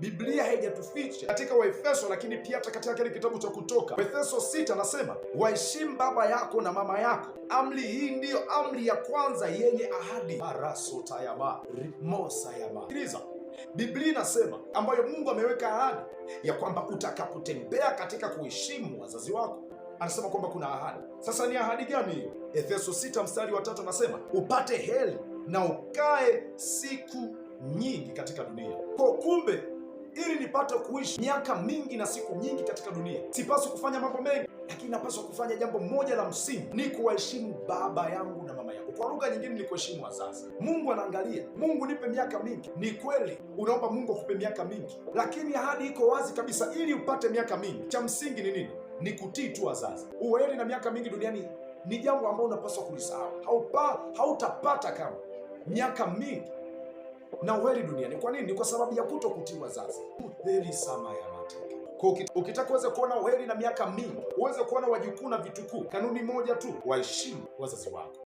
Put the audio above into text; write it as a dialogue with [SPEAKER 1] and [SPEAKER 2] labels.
[SPEAKER 1] Biblia haijatuficha katika Waefeso, lakini pia hata katika kile kitabu cha Kutoka, Waefeso sita anasema waheshimu baba yako na mama yako. Amri hii ndiyo amri ya kwanza yenye ahadi marasotayama rimosayama Biblia inasema ambayo Mungu ameweka ahadi ya kwamba utakapotembea katika kuheshimu wazazi wako, anasema kwamba kuna ahadi. Sasa ni ahadi gani hiyo? Efeso 6 mstari wa tatu anasema upate heri na ukae siku nyingi katika dunia. Kwa kumbe nipate kuishi miaka mingi na siku nyingi katika dunia, sipaswi kufanya mambo mengi, lakini napaswa kufanya jambo moja la msingi, ni kuwaheshimu baba yangu na mama yangu. Kwa lugha nyingine, ni kuheshimu wazazi. Mungu anaangalia, Mungu nipe miaka mingi. Ni kweli unaomba Mungu akupe miaka mingi, lakini ahadi iko wazi kabisa, ili upate miaka mingi, cha msingi ni nini? Ni kutii tu wazazi. Uweeni na miaka mingi duniani ni jambo ambalo unapaswa kulisahau. Haupa, hautapata kama miaka mingi na uheri duniani. Kwa nini? Kwa sababu ya kuto kutii wazazi. Heri sama ya mateke. Kwa ukitaka uweze kuona uheri na miaka mingi, uweze kuona wajukuu na vitukuu, kanuni moja tu, waheshimu wazazi wako.